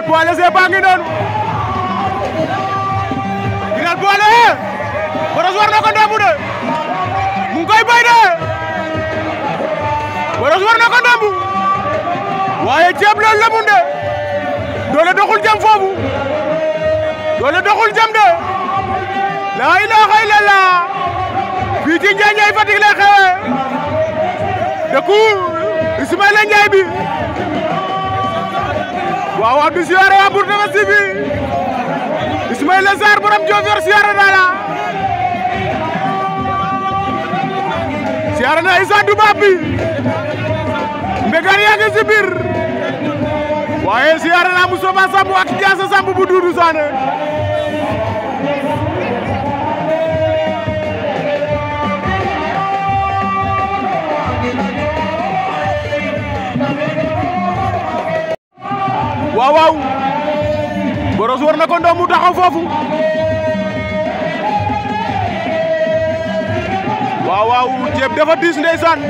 Bilal poids léger baa ngi noonu Bilal poids léger Brosse war na ko ndomb de mu ngi koy bay de Brosse war na ko ndomb waaye ceeb loolu la mun de doole doxul jëm foofu doole doxul jëm de laa ilaaha illallah fii ci Ndiaye Fatick lay xewee dëkku Ismaïla Ndiaye bi waaw Abdou siyaare waa Mbour dafa sibi Ismaïla Sarr borom Diofior siyaare naa la siyaare naa Issa Dubaab bi mbegaan yaa ngi si biir waaye siyaare naa Moustapha Samb ak Diassa Samb bu Doudou Sané waaw waaw ceeb dafa diis ndeysaan